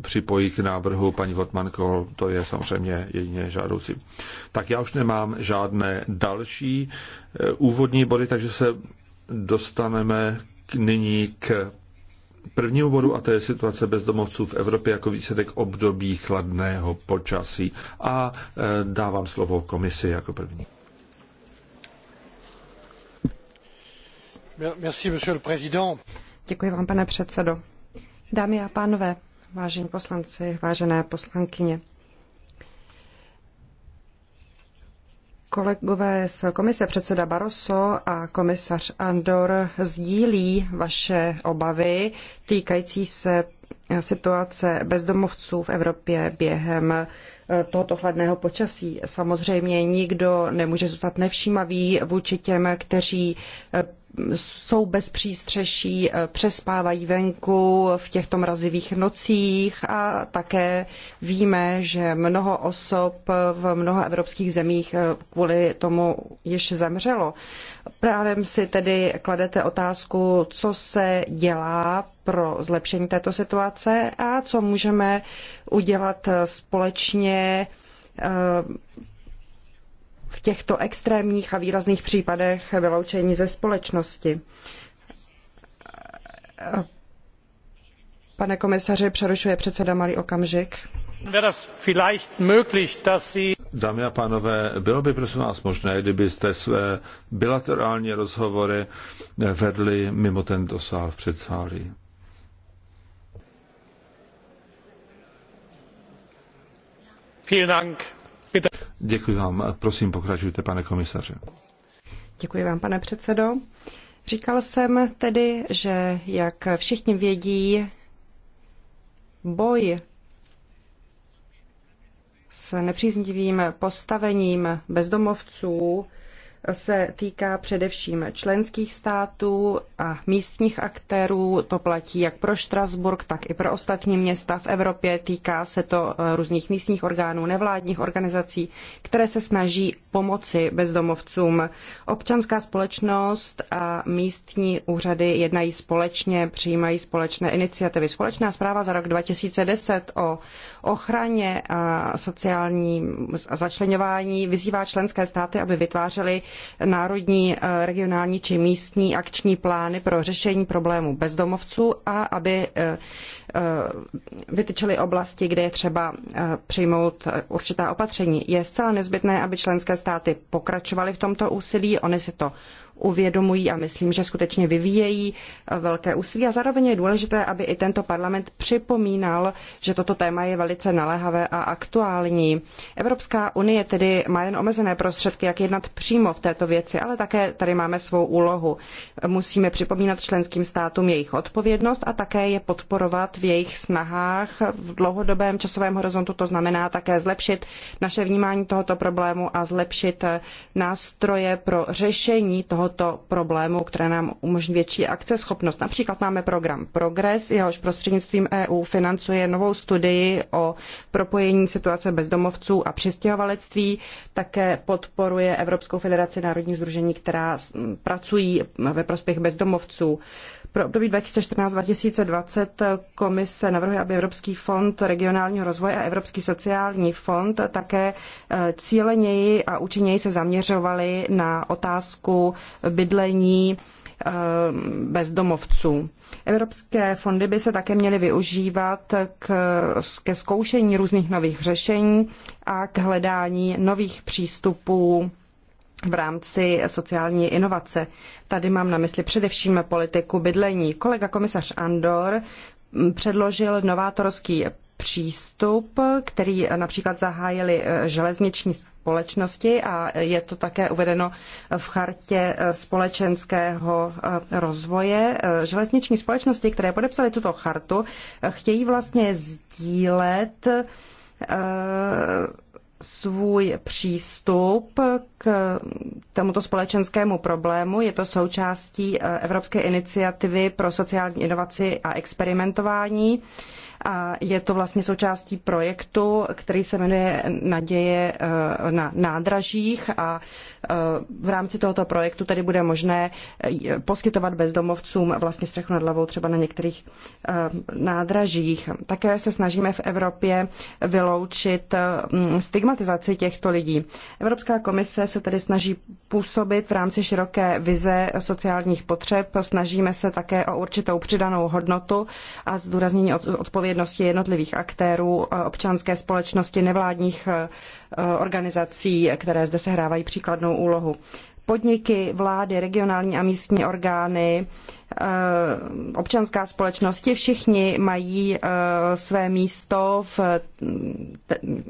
připojí k návrhu paní Votmanko, to je samozřejmě jedině žádoucí. Tak já už nemám žádné další eh, úvodní body, takže se dostaneme k, nyní k prvnímu bodu a to je situace bezdomovců v Evropě jako výsledek období chladného počasí. A eh, dávám slovo komisi jako první. Děkuji vám, pane předsedo. Dámy a pánové, vážení poslanci, vážené poslankyně. Kolegové z komise předseda Barroso a komisař Andor sdílí vaše obavy týkající se situace bezdomovců v Evropě během eh, tohoto chladného počasí. Samozřejmě nikdo nemůže zůstat nevšímavý vůči těm, kteří eh, jsou bez přístřeší, eh, přespávají venku v těchto mrazivých nocích a také víme, že mnoho osob eh, v mnoha evropských zemích eh, kvůli tomu již zemřelo. Právě si tedy kladete otázku, co se dělá pro zlepšení této situace a co můžeme udělat společně v těchto extrémních a výrazných případech vyloučení ze společnosti. Pane komisaři, přerušuje předseda malý okamžik. Dámy a pánové, bylo by prosím vás možné, kdybyste své bilaterální rozhovory vedli mimo tento sál v předsálí. Vielen Dank. Děkuji vám. Prosím, pokračujte, pane komisaře. Děkuji vám, pane předsedo. Říkal jsem tedy, že jak všichni vědí, boj s nepříznivým postavením bezdomovců se týká především členských států a místních aktérů. To platí jak pro Štrasburg, tak i pro ostatní města v Evropě. Týká se to eh, různých místních orgánů, nevládních organizací, které se snaží pomoci bezdomovcům. Občanská společnost a místní úřady jednají společně, přijímají společné iniciativy. Společná zpráva za rok 2010 o ochraně a sociální začlenování vyzývá členské státy, aby vytvářely národní, eh, regionální či místní akční plány pro řešení problémů bezdomovců a aby eh, eh, vytyčili oblasti, kde je třeba přijmout určitá opatření. Je zcela nezbytné, aby členské státy pokračovaly v tomto úsilí, oni si to uvědomují a myslím, že skutečně vyvíjejí eh, velké úsilí. A zároveň je důležité, aby i tento parlament připomínal, že toto téma je velice naléhavé a aktuální. Evropská unie tedy má jen omezené prostředky, jak jednat přímo v této věci, ale také tady máme svou úlohu. Musíme připomínat členským státům jejich odpovědnost a také je podporovat v jejich snahách v dlouhodobém časovém horizontu. To znamená také zlepšit naše vnímání tohoto problému a zlepšit eh, nástroje pro řešení toho tohoto problému, které nám umožní větší akceschopnost. Například máme program Progress, jehož prostřednictvím EU financuje novou studii o propojení situace bezdomovců a přistěhovalectví. Také podporuje Evropskou federaci národních združení, která pracují ve prospěch bezdomovců. Pro období 2014-2020 komise navrhuje, aby Evropský fond regionálního rozvoje a Evropský sociální fond také eh, cíleněji a účinněji se zaměřovaly na otázku bydlení eh, bezdomovců. Evropské fondy by se také měly využívat k, ke zkoušení různých nových řešení a k hledání nových přístupů v rámci sociální inovace. Tady mám na mysli především politiku bydlení. Kolega komisař Andor předložil novátorský přístup, který například zahájili eh, železniční společnosti a je to také uvedeno v chartě eh, společenského eh, rozvoje. Železniční společnosti, které podepsaly tuto chartu, chtějí vlastně sdílet svůj přístup k tomuto společenskému problému. Je to součástí eh, Evropské iniciativy pro sociální inovaci a experimentování a je to vlastně součástí projektu, který se jmenuje Naděje eh, na nádražích a eh, v rámci tohoto projektu tedy bude možné eh, poskytovat bezdomovcům vlastně střechu nad hlavou třeba na některých nádražích. Také se snažíme v Evropě vyloučit stigmatizaci těchto lidí. Evropská komise se tedy snaží působit v rámci široké vize sociálních potřeb, snažíme se také o určitou přidanou hodnotu a zdůraznění odpovědnosti odpovědnosti jednotlivých aktérů, občanské společnosti, nevládních e, organizací, které zde sehrávají příkladnou úlohu podniky, vlády, regionální a místní orgány, e, občanská společnost, ti všichni mají e, své místo v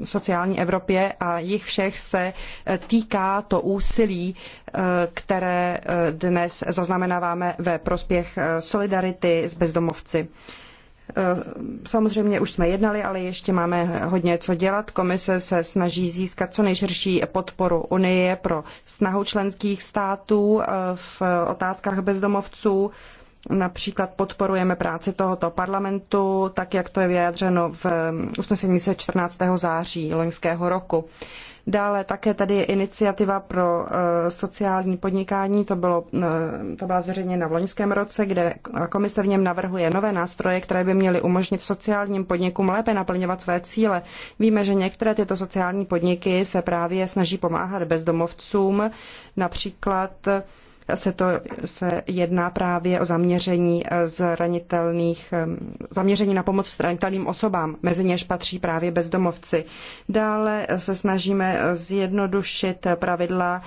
sociální Evropě a jich všech se týká to úsilí, které dnes zaznamenáváme ve prospěch solidarity s bezdomovci. Eh, samozřejmě už jsme jednali, ale ještě máme hodně co dělat. Komise se snaží získat co nejširší podporu Unie pro snahu členských států eh, v otázkách bezdomovců. Například podporujeme práci tohoto parlamentu, tak jak to je vyjádřeno v um, usnesení se 14. září loňského roku. Dále také tady je iniciativa pro uh, sociální podnikání, to, bylo, uh, to byla zveřejněna v loňském roce, kde komise v něm navrhuje nové nástroje, které by měly umožnit sociálním podnikům lépe naplňovat své cíle. Víme, že některé tyto sociální podniky se právě snaží pomáhat bezdomovcům, například se to se jedná právě o zaměření eh, zranitelných, eh, zaměření na pomoc zranitelným osobám, mezi něž patří právě bezdomovci. Dále eh, se snažíme zjednodušit pravidla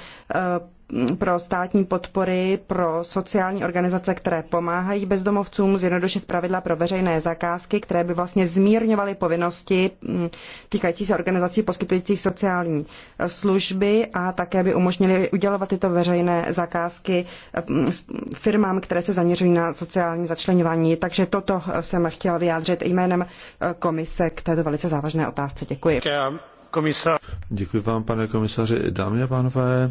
Mm, pro státní podpory, pro sociální organizace, které pomáhají bezdomovcům, zjednodušit pravidla pro veřejné zakázky, které by vlastně zmírňovaly povinnosti mm, týkající se organizací poskytujících sociální služby a také by umožnili udělovat tyto veřejné zakázky mm, firmám, které se zaměřují na sociální začlenování. Takže toto jsem chtěla vyjádřit jménem eh, komise k této velice závažné otázce. Děkuji. Děkuji vám, pane komisaři. Dámy a pánové,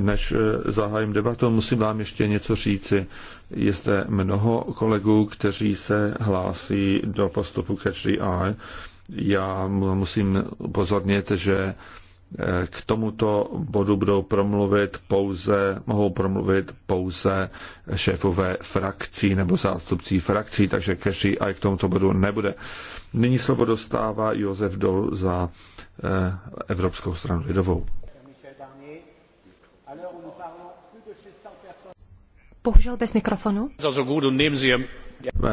než eh, zahájím debatu, musím vám ještě něco říci. Je zde mnoho kolegů, kteří se hlásí do postupu Catch the Eye. Já musím upozornit, že eh, k tomuto bodu budou promluvit pouze, mohou promluvit pouze šéfové frakcí nebo zástupcí frakcí, takže každý a k tomuto bodu nebude. Nyní slovo dostává Josef Dol za eh, Evropskou stranu lidovou. Bohužel bez mikrofonu.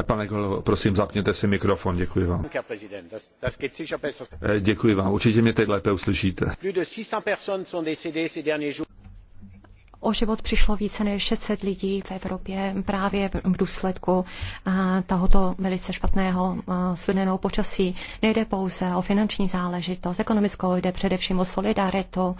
Pane kolego, prosím, zapněte si mikrofon, děkuji vám. Děkuji eh, vám, určitě mě teď lépe uslyšíte. O život přišlo více než 600 lidí v Evropě právě v důsledku eh, tohoto velice špatného eh, studeného počasí. Nejde pouze o finanční záležitost, ekonomickou jde především o solidaritu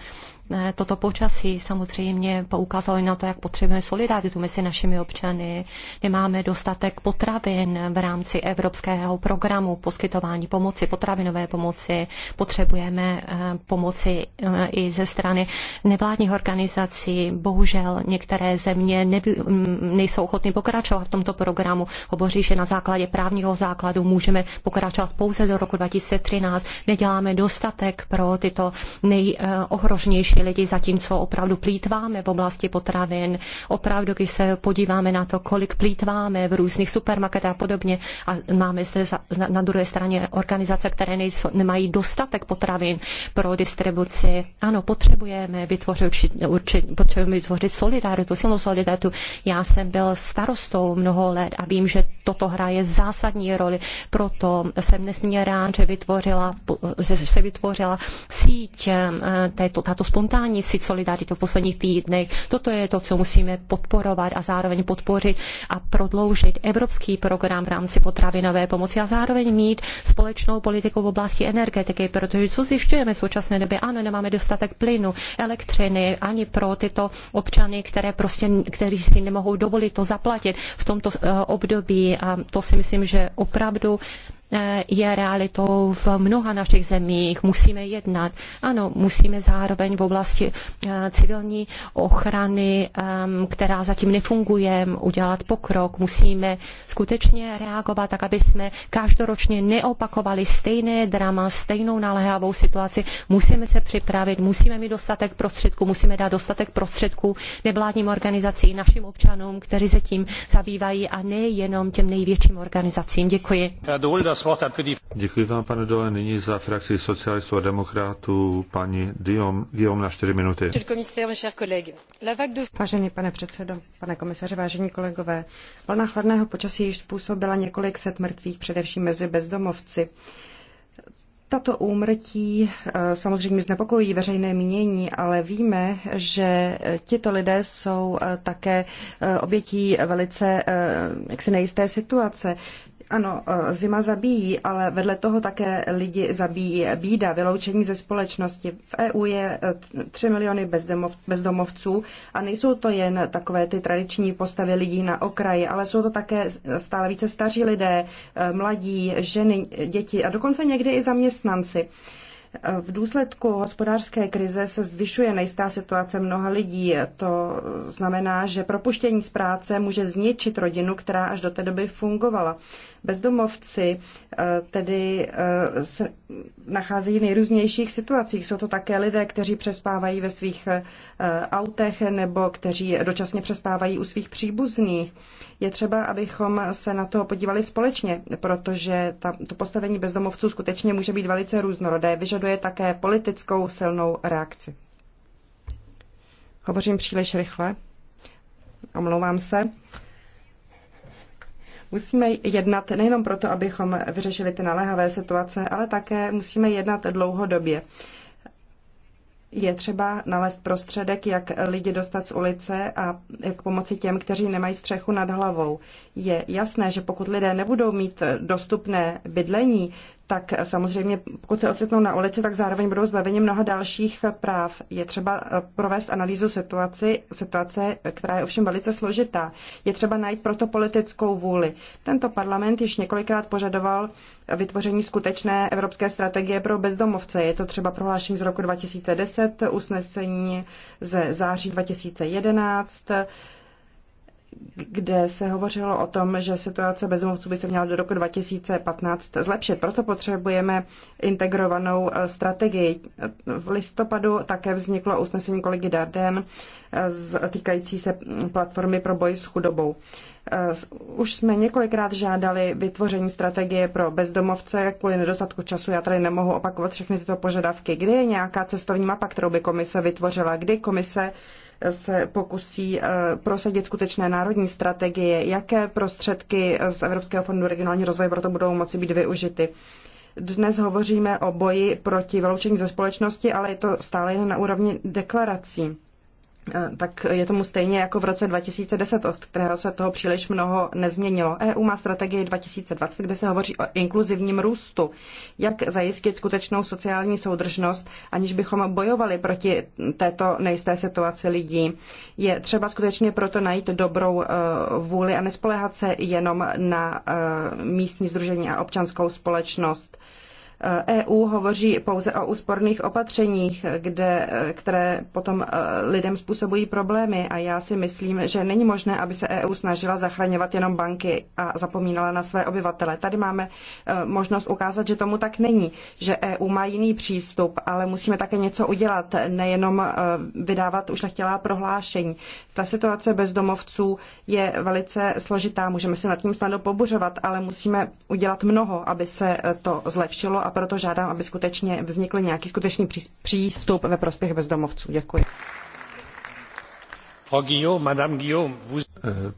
Eh, toto počasí samozřejmě poukázalo na to, jak potřebujeme solidaritu mezi našimi občany. Nemáme dostatek potravin v rámci evropského programu poskytování pomoci, potravinové pomoci. Potřebujeme eh, pomoci eh, i ze strany nevládních organizací. Bohužel některé země nevy, mm, nejsou ochotny pokračovat v tomto programu. Hovoří, že na základě právního základu můžeme pokračovat pouze do roku 2013. Neděláme dostatek pro tyto nejohrožnější naši lidi, zatímco opravdu plítváme v oblasti potravin. Opravdu, když se podíváme na to, kolik plítváme v různých supermarketech a podobně, a máme zde na druhé straně organizace, které nejsou, nemají dostatek potravin pro distribuci. Ano, potřebujeme vytvořit, určit, potřebujeme vytvořit solidaritu, silnou solidaritu. Já jsem byl starostou mnoho let a vím, že toto hraje zásadní roli. Proto jsem nesmírně rád, že, vytvořila, že se vytvořila síť eh, této, tato spolupráce spontánní si solidarity v posledních týdnech. Toto je to, co musíme podporovat a zároveň podpořit a prodloužit evropský program v rámci potravinové pomoci a zároveň mít společnou politiku v oblasti energetiky, protože co zjišťujeme v současné době? Ano, nemáme dostatek plynu, elektřiny ani pro tyto občany, které prostě, kteří si nemohou dovolit to zaplatit v tomto eh, období a to si myslím, že opravdu Eh, je realitou v mnoha našich zemích. Musíme jednat. Ano, musíme zároveň v oblasti eh, civilní ochrany, eh, která zatím nefunguje, udělat pokrok. Musíme skutečně reagovat tak, aby jsme každoročně neopakovali stejné drama, stejnou naléhavou situaci. Musíme se připravit, musíme mít dostatek prostředků, musíme dát dostatek prostředků nevládním organizacím, našim občanům, kteří se tím zabývají a nejenom těm největším organizacím. Děkuji. Děkuji vám, pane Dole. Nyní za frakci socialistů a demokratů paní Dion, Dion na 4 minuty. Vážený pane předsedo, pane komisaři, vážení kolegové, vlna chladného počasí již způsobila několik set mrtvých, především mezi bezdomovci. Tato úmrtí eh, samozřejmě znepokojí veřejné mínění, ale víme, že tito lidé jsou eh, také eh, obětí velice jaksi nejisté situace. Ano, e, zima zabíjí, ale vedle toho také lidi zabíjí bída, vyloučení ze společnosti. V EU je 3 e, miliony bezdomovců a nejsou to jen takové ty tradiční postavy lidí na okraji, ale jsou to také stále více staří lidé, e, mladí, ženy, děti a dokonce někdy i zaměstnanci. V důsledku hospodářské krize se zvyšuje nejistá situace mnoha lidí. To znamená, že propuštění z práce může zničit rodinu, která až do té doby fungovala. Bezdomovci eh, tedy eh, se nacházejí v nejrůznějších situacích. Jsou to také lidé, kteří přespávají ve svých eh, autech nebo kteří dočasně přespávají u svých příbuzných. Je třeba, abychom se na to podívali společně, protože ta, to postavení bezdomovců skutečně může být velice různorodé. Vyžaduje vyžaduje také politickou silnou reakci. Hovořím příliš rychle. Omlouvám se. Musíme jednat nejenom proto, abychom vyřešili ty naléhavé situace, ale také musíme jednat dlouhodobě. Je třeba nalézt prostředek, jak lidi dostat z ulice a jak pomoci těm, kteří nemají střechu nad hlavou. Je jasné, že pokud lidé nebudou mít dostupné bydlení, tak samozřejmě, pokud se ocitnou na ulici, tak zároveň budou zbaveni mnoha dalších práv. Je třeba eh, provést analýzu situaci, situace, která je ovšem velice složitá. Je třeba najít proto politickou vůli. Tento parlament již několikrát požadoval vytvoření skutečné evropské strategie pro bezdomovce. Je to třeba prohlášení z roku 2010, usnesení ze září 2011, kde se hovořilo o tom, že situace bezdomovců by se měla do roku 2015 zlepšit. Proto potřebujeme integrovanou eh, strategii. V listopadu také vzniklo usnesení kolegy Darden eh, týkající se mm, platformy pro boj s chudobou. Eh, už jsme několikrát žádali vytvoření strategie pro bezdomovce kvůli nedostatku času. Já tady nemohu opakovat všechny tyto požadavky. Kdy je nějaká cestovní mapa, kterou by komise vytvořila? Kdy komise se pokusí eh, prosadit skutečné národní strategie, jaké prostředky z Evropského fondu regionální rozvoje proto budou moci být využity. Dnes hovoříme o boji proti vyloučení ze společnosti, ale je to stále jen na úrovni deklarací. Eh, tak je tomu stejně jako v roce 2010, od kterého se toho příliš mnoho nezměnilo. EU má strategii 2020, kde se hovoří o inkluzivním růstu. Jak zajistit skutečnou sociální soudržnost, aniž bychom bojovali proti této nejisté situaci lidí? Je třeba skutečně proto najít dobrou eh, vůli a nespoléhat se jenom na eh, místní združení a občanskou společnost. EU e hovoří pouze o úsporných opatřeních, kde, které potom e, lidem způsobují problémy a já si myslím, že není možné, aby se EU snažila zachraňovat jenom banky a zapomínala na své obyvatele. Tady máme e, možnost ukázat, že tomu tak není, že EU má jiný přístup, ale musíme také něco udělat, nejenom vydávat ušlechtilá prohlášení. Ta situace bezdomovců je velice složitá, můžeme se nad tím snadno pobuřovat, ale musíme udělat mnoho, aby se to zlepšilo a proto žádám, aby skutečně vznikl nějaký skutečný přístup ve prospěch bezdomovců. Děkuji. Guillaume, Madame Guillaume, vous... Eh,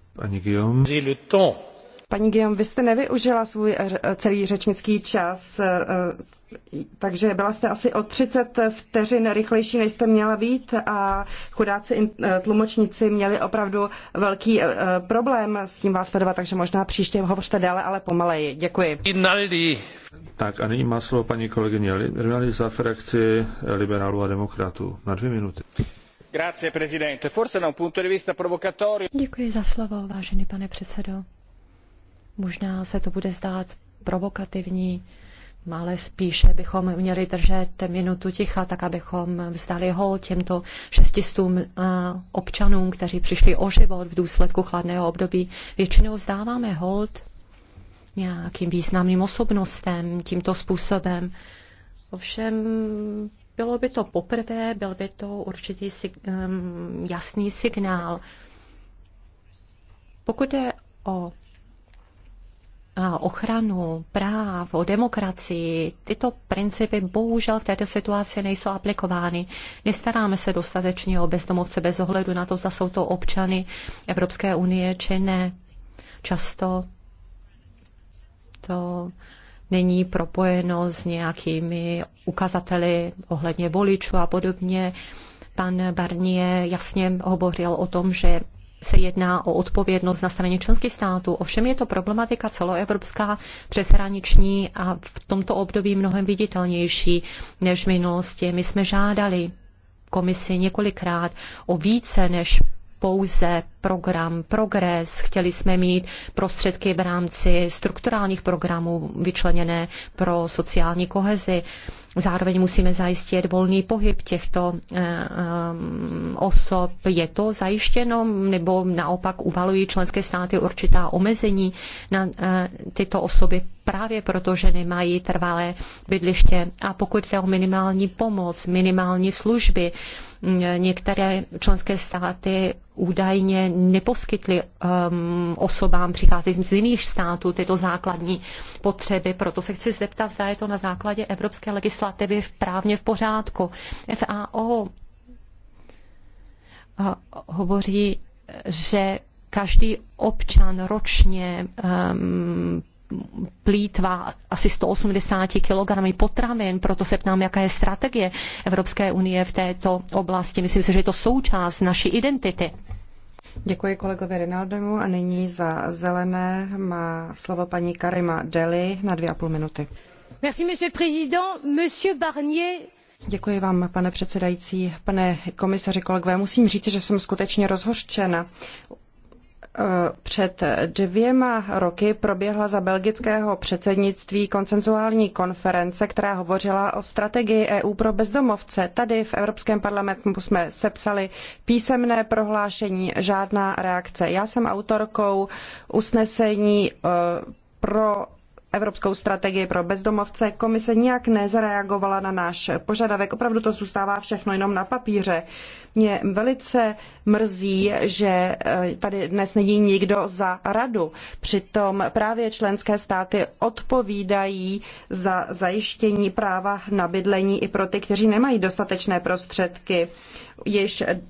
Paní Guillaume, vy jste nevyužila svůj eh, celý řečnický čas, eh, eh, takže byla jste asi o 30 vteřin rychlejší, než jste měla být a chudáci tlumočníci měli opravdu velký problém s tím vás sledovat, takže možná příště hovořte dále, ale pomaleji. Děkuji. Rinaldi. Tak a nyní má slovo paní kolegyně Rinaldi za frakci liberálů a demokratů. Na dvě minuty. Grazie, Děkuji za slovo, vážený pane předsedo. Možná se to bude zdát provokativní, ale spíše bychom měli držet minutu ticha, tak abychom vzdali hol těmto šestistům eh, občanům, kteří přišli o život v důsledku chladného období. Většinou vzdáváme hold nějakým významným osobnostem tímto způsobem. Ovšem bylo by to poprvé, byl by to určitý ehm, jasný signál. Pokud je o ochranu práv, o demokracii. Tyto principy bohužel v této situaci nejsou aplikovány. Nestaráme se dostatečně o bezdomovce bez ohledu na to, zda jsou to občany Evropské unie či ne. Často to není propojeno s nějakými ukazateli ohledně voličů a podobně. Pan Barnier jasně hovořil o tom, že se jedná o odpovědnost na straně členských států. Ovšem je to problematika celoevropská, přeshraniční a v tomto období mnohem viditelnější než v minulosti. My jsme žádali komisi několikrát o více než pouze program Progres, chtěli jsme mít prostředky v rámci strukturálních programů vyčleněné pro sociální kohezi. Zároveň musíme zajistit volný pohyb těchto eh, eh, osob. Je to zajištěno nebo naopak uvalují členské státy určitá omezení na eh, tyto osoby právě proto, že nemají trvalé bydliště. A pokud jde o minimální pomoc, minimální služby, některé členské státy údajně neposkytli um, osobám přicházejícím z jiných států tyto základní potřeby. Proto se chci zeptat, zda je to na základě evropské legislativy v právně v pořádku. FAO uh, hovoří, že každý občan ročně um, plítvá asi 180 kilogramy potravin, proto se ptám, jaká je strategie Evropské unie v této oblasti. Myslím si, že je to součást naší identity. Děkuji kolegovi Rinaldemu a nyní za zelené má slovo paní Karima Deli na dvě a půl minuty. Merci, monsieur président. Monsieur Barnier, Děkuji vám, pane předsedající. Pane komisaři, kolegové, musím říct, že jsem skutečně rozhořčena. Eh, před dvěma roky proběhla za belgického předsednictví koncenzuální konference, která hovořila o strategii EU pro bezdomovce. Tady v Evropském parlamentu jsme sepsali písemné prohlášení, žádná reakce. Já jsem autorkou usnesení eh, pro evropskou strategii pro bezdomovce, komise nijak nezareagovala na náš požadavek. Opravdu to zůstává všechno jenom na papíře. Mě velice mrzí, že eh, tady dnes není nikdo za radu. Přitom právě členské státy odpovídají za zajištění práva na bydlení i pro ty, kteří nemají dostatečné prostředky. Již eh,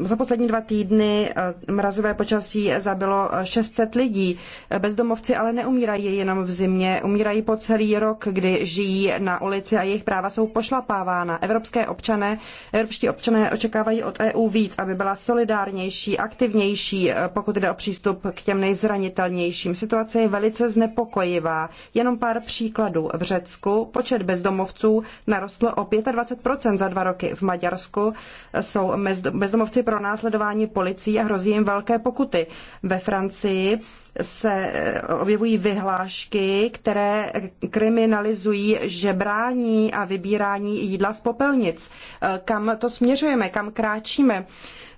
za poslední dva týdny eh, mrazivé počasí zabilo 600 lidí. Bezdomovci ale neumírají jenom v zimě, umírají po celý rok, kdy žijí na ulici a jejich práva jsou pošlapávána. Evropské občané, evropští občané očekávají od EU víc, aby byla solidárnější, aktivnější, eh, pokud jde o přístup k těm nejzranitelnějším. Situace je velice znepokojivá. Jenom pár příkladů. V Řecku počet bezdomovců narostl o 25% za dva roky. V Maďarsku eh, jsou bezdomovci pro následování policií a hrozí jim velké pokuty. Ve Francii se eh, objevují vyhlášky, které kriminalizují žebrání a vybírání jídla z popelnic. Eh, kam to směřujeme, kam kráčíme?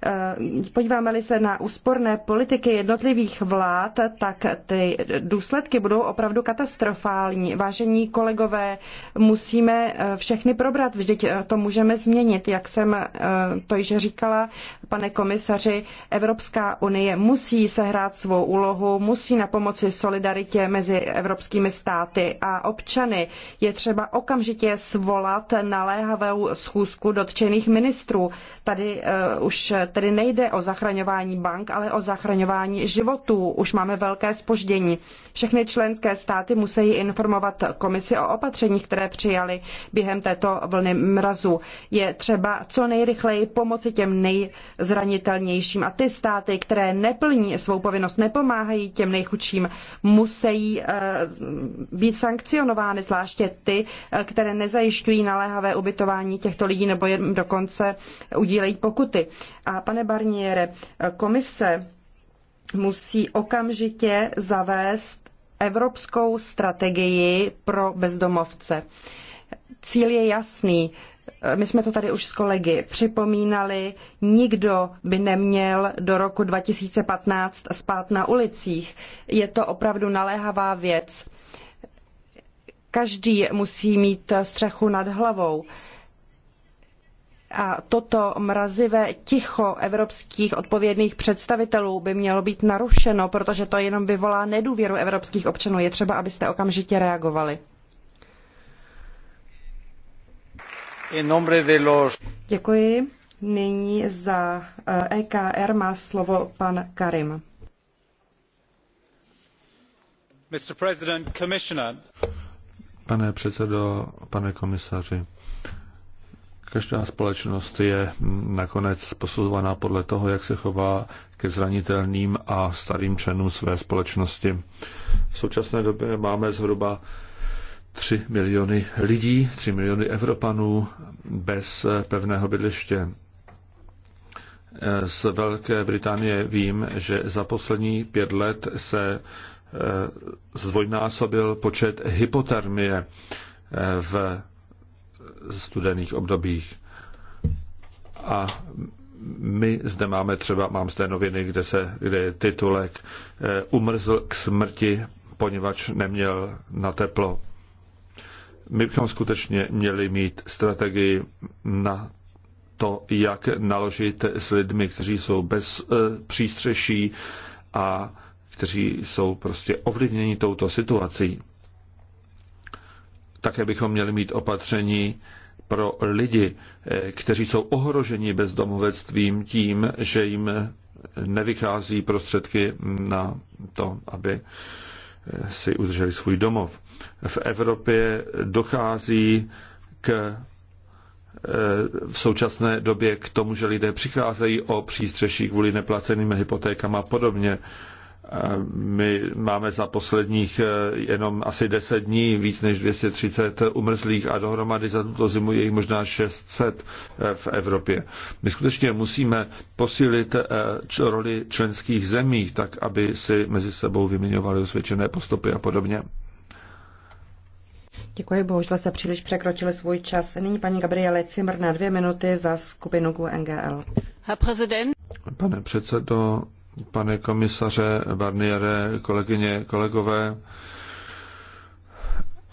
Eh, podíváme-li se na úsporné politiky jednotlivých vlád, tak ty důsledky budou opravdu katastrofální. Vážení kolegové, musíme eh, všechny probrat, vždyť eh, to můžeme změnit. Jak jsem to již říkala, pane komisaři, Evropská unie musí sehrát svou úlohu, musí na pomoci solidaritě mezi evropskými státy a občany. Je třeba okamžitě svolat naléhavou schůzku dotčených ministrů. Tady už Tedy nejde o zachraňování bank, ale o zachraňování životů. Už máme velké spoždění. Všechny členské státy musí informovat komisi o opatřeních, které přijali během této vlny mrazu. Je třeba co nejrychleji pomoci těm nejzranitelnějším a ty státy, které neplní svou povinnost, nepomáhají těm nejchudším, musí eh, být sankcionovány, zvláště ty, eh, které nezajišťují naléhavé ubytování těchto lidí nebo jim dokonce udílejí pokuty. A pane Barniere, komise musí okamžitě zavést evropskou strategii pro bezdomovce. Cíl je jasný. My jsme to tady už s kolegy připomínali, nikdo by neměl do roku 2015 spát na ulicích. Je to opravdu naléhavá věc. Každý musí mít střechu nad hlavou. A toto mrazivé ticho evropských odpovědných představitelů by mělo být narušeno, protože to jenom vyvolá nedůvěru evropských občanů. Je třeba, abyste okamžitě reagovali. Děkuji. Nyní za EKR eh, e má slovo pan Karim. Pane předsedo, pane komisaři, Každá společnost je nakonec posuzovaná podle toho, jak se chová ke zranitelným a starým členům své společnosti. V současné době máme zhruba 3 miliony lidí, 3 miliony Evropanů bez pevného bydliště. Z Velké Británie vím, že za poslední pět let se eh, zdvojnásobil počet hypotermie eh, v studených obdobích. A my zde máme třeba, mám té noviny, kde, se, kde je titulek eh, Umrzl k smrti, poněvadž neměl na teplo. My bychom skutečně měli mít strategii na to, jak naložit s lidmi, kteří jsou bez eh, přístřeší a kteří jsou prostě ovlivněni touto situací. Také bychom měli mít opatření pro lidi, eh, kteří jsou ohroženi bezdomovectvím tím, že jim nevychází prostředky na to, aby eh, si udrželi svůj domov. V Evropě dochází k eh, v současné době k tomu, že lidé přicházejí o přístřeší kvůli neplaceným hypotékám a podobně. My máme za posledních eh, jenom asi 10 dní víc než 230 umrzlých a dohromady za tuto zimu je jich možná 600 eh, v Evropě. My skutečně musíme posílit eh, roli členských zemí, tak aby si mezi sebou vyměňovali osvědčené postupy a podobně. Děkuji, bohužel se příliš překročili svůj čas. Nyní paní Gabriele Cimr na dvě minuty za skupinu GUNGL. Pane předsedo, pane komisaře Barniere, kolegyně, kolegové.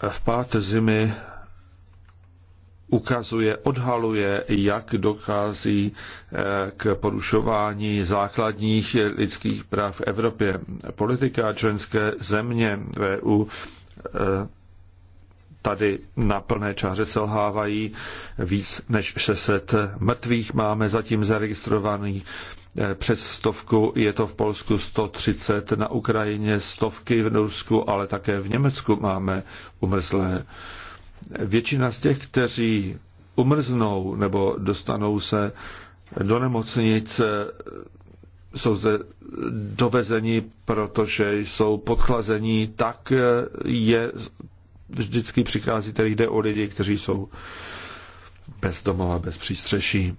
V pát zimy ukazuje, odhaluje, jak dochází eh, k porušování základních lidských práv v Evropě. Politika členské země VU e eh, tady na plné čáře selhávají. Víc než 600 mrtvých máme zatím zaregistrovaný eh, Přes stovku je to v Polsku 130, na Ukrajině stovky v Norsku, ale také v Německu máme umrzlé. Většina z těch, kteří umrznou nebo dostanou se do nemocnic, eh, jsou zde dovezeni, protože jsou podchlazení, tak eh, je vždycky přichází, tedy jde o lidi, kteří jsou bez domova, bez přístřeší.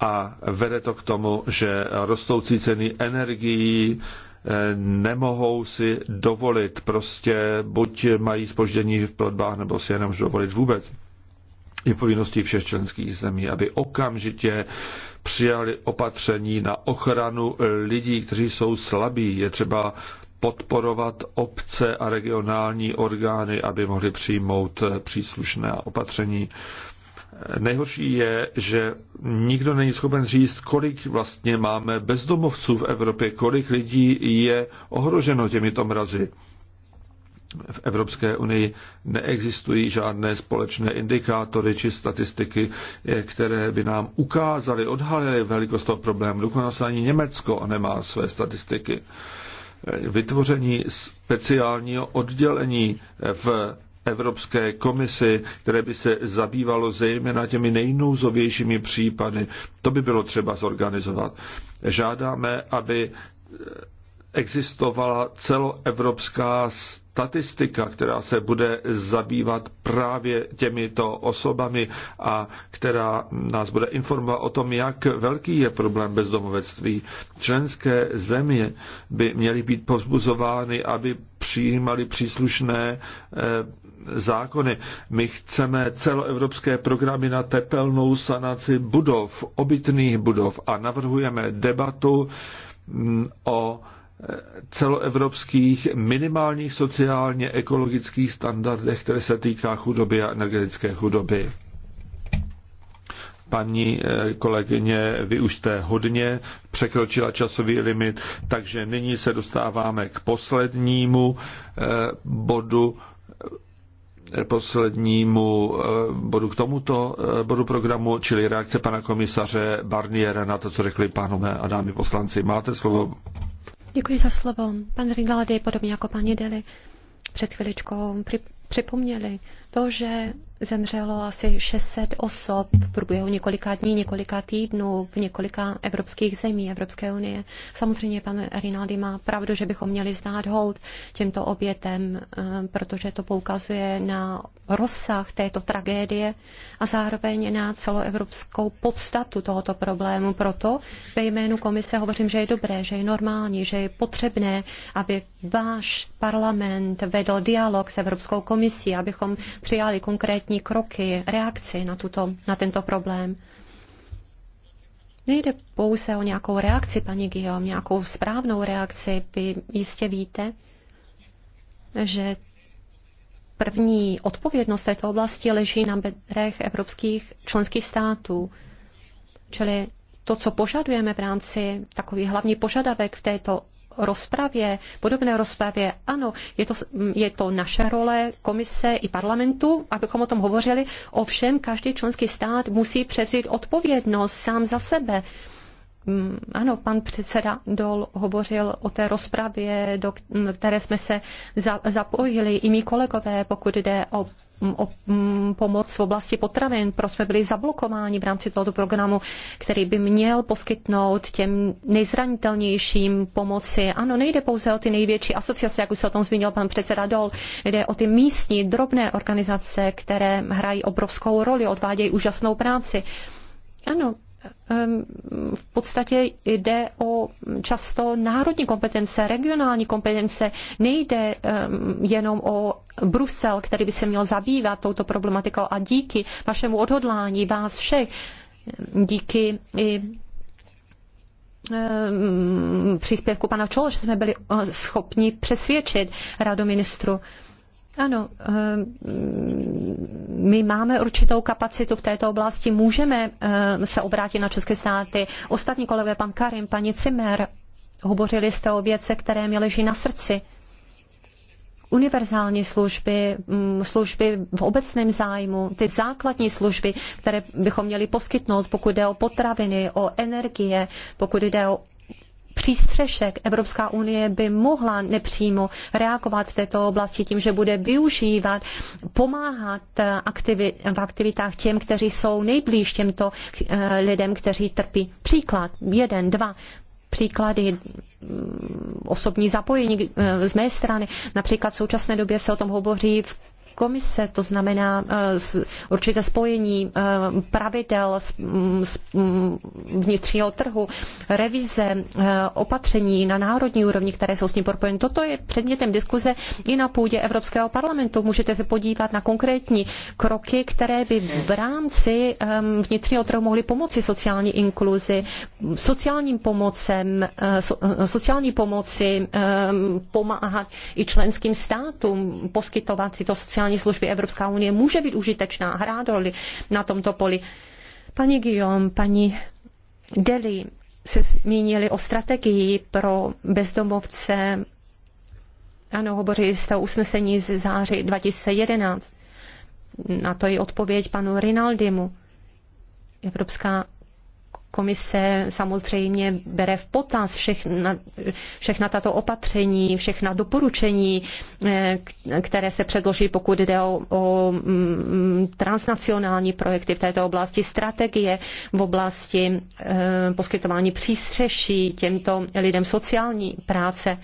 A vede to k tomu, že rostoucí ceny energií eh, nemohou si dovolit. Prostě buď mají spoždění v platbách, nebo si je nemůžou dovolit vůbec. Je povinností všech členských zemí, aby okamžitě přijali opatření na ochranu lidí, kteří jsou slabí. Je třeba podporovat obce a regionální orgány, aby mohly přijmout eh, příslušné opatření. Nejhorší je, že nikdo není schopen říct, kolik vlastně máme bezdomovců v Evropě, kolik lidí je ohroženo těmito mrazy. V Evropské unii neexistují žádné společné indikátory či statistiky, eh, které by nám ukázaly, odhalily velikost toho problému. Dokonce ani Německo nemá své statistiky vytvoření speciálního oddělení v Evropské komisi, které by se zabývalo zejména těmi nejnouzovějšími případy. To by bylo třeba zorganizovat. Žádáme, aby existovala celoevropská statistika, která se bude zabývat právě těmito osobami a která nás bude informovat o tom, jak velký je problém bezdomovectví. Členské země by měly být povzbuzovány, aby přijímali příslušné eh, zákony. My chceme celoevropské programy na tepelnou sanaci budov, obytných budov a navrhujeme debatu mm, o celoevropských minimálních sociálně ekologických standardech, které se týká chudoby a energetické chudoby. Paní eh, kolegyně, vy už jste hodně překročila časový limit, takže nyní se dostáváme k poslednímu eh, bodu eh, poslednímu bodu k tomuto bodu programu, čili reakce pana komisaře Barniera na to, co řekli pánové a dámy poslanci. Máte slovo. Děkuji za slovo. Pan Rinaldi, podobně jako paní Deli, před chviličkou připomněli to, že zemřelo asi 600 osob v průběhu několika dní, několika týdnů v několika evropských zemí Evropské unie. Samozřejmě pan Rinaldi má pravdu, že bychom měli vzdát hold těmto obětem, eh, protože to poukazuje na rozsah této tragédie a zároveň na celoevropskou podstatu tohoto problému. Proto ve jménu komise hovořím, že je dobré, že je normální, že je potřebné, aby váš parlament vedl dialog s Evropskou komisí, abychom přijali konkrétní kroky, reakci na, tuto, na tento problém. Nejde pouze o nějakou reakci, paní Guillaume, nějakou správnou reakci. Vy jistě víte, že první odpovědnost této oblasti leží na bedrech evropských členských států. Čili to, co požadujeme v rámci, takový hlavní požadavek v této rozpravě, podobné rozpravě. Ano, je to, je to naše role komise i parlamentu, abychom o tom hovořili. Ovšem, každý členský stát musí převzít odpovědnost sám za sebe. Mm, ano, pan předseda Dol hovořil o té rozpravě, do které jsme se zapojili i mý kolegové, pokud jde o o mm, pomoc v oblasti potravin, proč jsme byli zablokováni v rámci tohoto programu, který by měl poskytnout těm nejzranitelnějším pomoci. Ano, nejde pouze o ty největší asociace, jak už se o tom zmínil pan předseda Dol, jde o ty místní drobné organizace, které hrají obrovskou roli, odvádějí úžasnou práci. Ano, Ehm, v podstatě jde o často národní kompetence, regionální kompetence. Nejde ehm, jenom o Brusel, který by se měl zabývat touto problematikou a díky vašemu odhodlání vás všech, ehm, díky i příspěvku pana Čološe jsme byli eh, schopni přesvědčit radu ministru ano, eh, my máme určitou kapacitu v této oblasti, můžeme eh, se obrátit na České státy. Ostatní kolegové, pan Karim, paní Cimer, hovořili jste o věce, které mi leží na srdci. Univerzální služby, mm, služby v obecném zájmu, ty základní služby, které bychom měli poskytnout, pokud jde o potraviny, o energie, pokud jde o přístřešek. Evropská unie by mohla nepřímo reagovat v této oblasti tím, že bude využívat, pomáhat eh, aktivi- v aktivitách těm, kteří jsou nejblíž těmto eh, lidem, kteří trpí. Příklad, jeden, dva, příklady mm, osobní zapojení eh, z mé strany. Například v současné době se o tom hovoří v komise, to znamená eh, určité spojení eh, pravidel mm, mm, vnitřního trhu, revize eh, opatření na národní úrovni, které jsou s ním propojeny. Toto je předmětem diskuze i na půdě Evropského parlamentu. Můžete se podívat na konkrétní kroky, které by v rámci ehm, vnitřního trhu mohly pomoci sociální inkluzi, sociálním pomocem, sociální pomoci ehm, pomáhat i členským státům poskytovat tyto sociální sociální služby Evropská unie může být užitečná, hrát roli na tomto poli. Pani Guillaume, paní Deli se zmínili o strategii pro bezdomovce. Ano, hovoří z o usnesení z září 2011. Na to je odpověď panu Rinaldimu. Evropská Komise samozřejmě bere v potaz všechna, všechna tato opatření, všechna doporučení, eh, které se předloží, pokud jde o, o mm, transnacionální projekty v této oblasti, strategie v oblasti eh, poskytování přístřeší těmto lidem sociální práce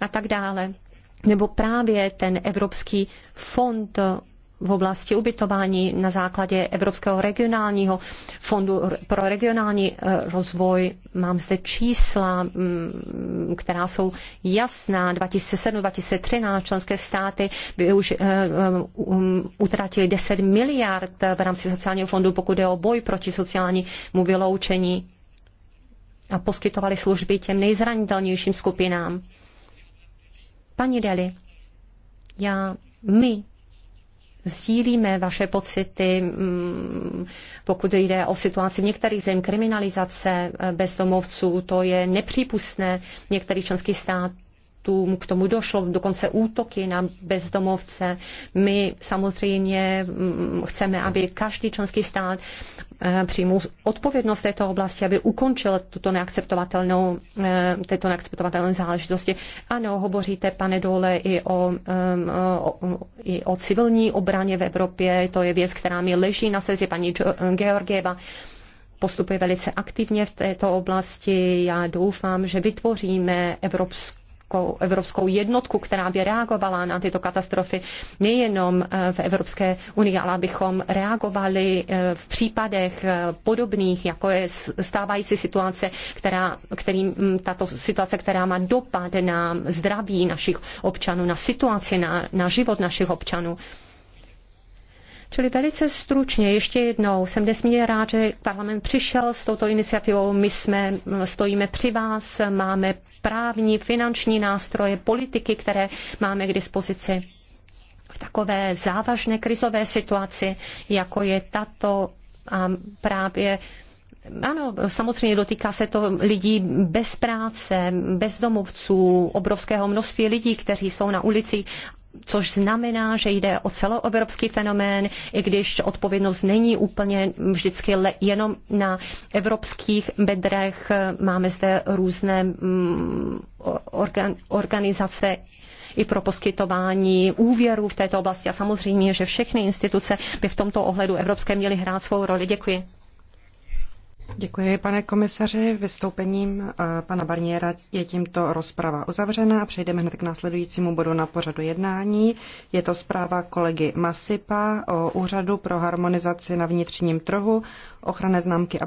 a tak dále. Nebo právě ten Evropský fond v oblasti ubytování na základě Evropského regionálního fondu pro regionální eh, rozvoj. Mám zde čísla, mm, která jsou jasná. 2007-2013 členské státy by už eh, eh, um, utratili 10 miliard v rámci sociálního fondu, pokud je o boj proti sociálnímu vyloučení a poskytovali služby těm nejzranitelnějším skupinám. Paní Deli, já, my sdílíme vaše pocity, mm, pokud jde o situaci v některých zem, kriminalizace eh, bezdomovců, to je nepřípustné Některý členský stát konfliktům, k tomu došlo, dokonce útoky na bezdomovce. My samozřejmě mm, chceme, aby každý členský stát eh, přijmul odpovědnost této oblasti, aby ukončil tuto neakceptovatelnou, eh, této neakceptovatelné záležitosti. Ano, hovoříte, pane Dole, i eh, o, o, i o civilní obraně v Evropě. To je věc, která mi leží na srdci paní Georgieva postupuje velice aktivně v této oblasti. Já doufám, že vytvoříme evropskou nějakou evropskou jednotku, která by reagovala na tyto katastrofy nejenom eh, v Evropské unii, ale abychom reagovali eh, v případech eh, podobných, jako je stávající situace, která, kterým, mm, tato situace, která má dopad na zdraví našich občanů, na situaci, na, na život našich občanů. Čili velice stručně, ještě jednou, jsem nesmírně rád, že parlament přišel s touto iniciativou. My jsme, stojíme při vás, máme právní, finanční nástroje, politiky, které máme k dispozici v takové závažné krizové situaci, jako je tato a právě ano, samozřejmě dotýká se to lidí bez práce, bezdomovců, obrovského množství lidí, kteří jsou na ulici což znamená, že jde o celoevropský fenomén, i když odpovědnost není úplně vždycky le, jenom na evropských bedrech. Máme zde různé mm, organ, organizace i pro poskytování úvěrů v této oblasti. A samozřejmě, že všechny instituce by v tomto ohledu evropské měly hrát svou roli. Děkuji. Děkuji, pane komisaři. Vystoupením eh, pana Barniera je tímto rozprava uzavřena a přejdeme hned k následujícímu bodu na pořadu jednání. Je to zpráva kolegy Masipa o Úřadu pro harmonizaci na vnitřním trhu, ochranné známky a